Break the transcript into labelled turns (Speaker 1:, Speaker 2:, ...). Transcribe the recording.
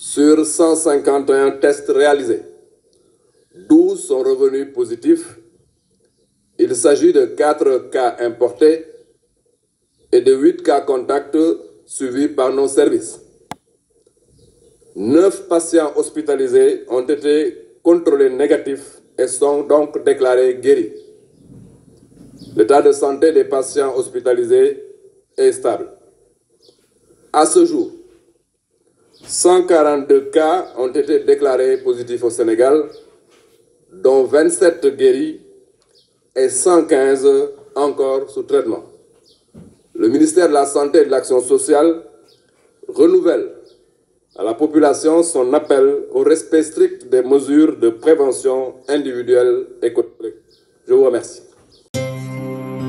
Speaker 1: Sur 151 tests réalisés, 12 sont revenus positifs. Il s'agit de quatre cas importés et de 8 cas contacts suivis par nos services. 9 patients hospitalisés ont été contrôlés négatifs et sont donc déclarés guéris. L'état de santé des patients hospitalisés est stable. À ce jour, 142 cas ont été déclarés positifs au Sénégal, dont 27 guéris et 115 encore sous traitement. Le la Santé et de sociale renouvelle à la population son appel au respect des mesures de prévention individuelle et collective.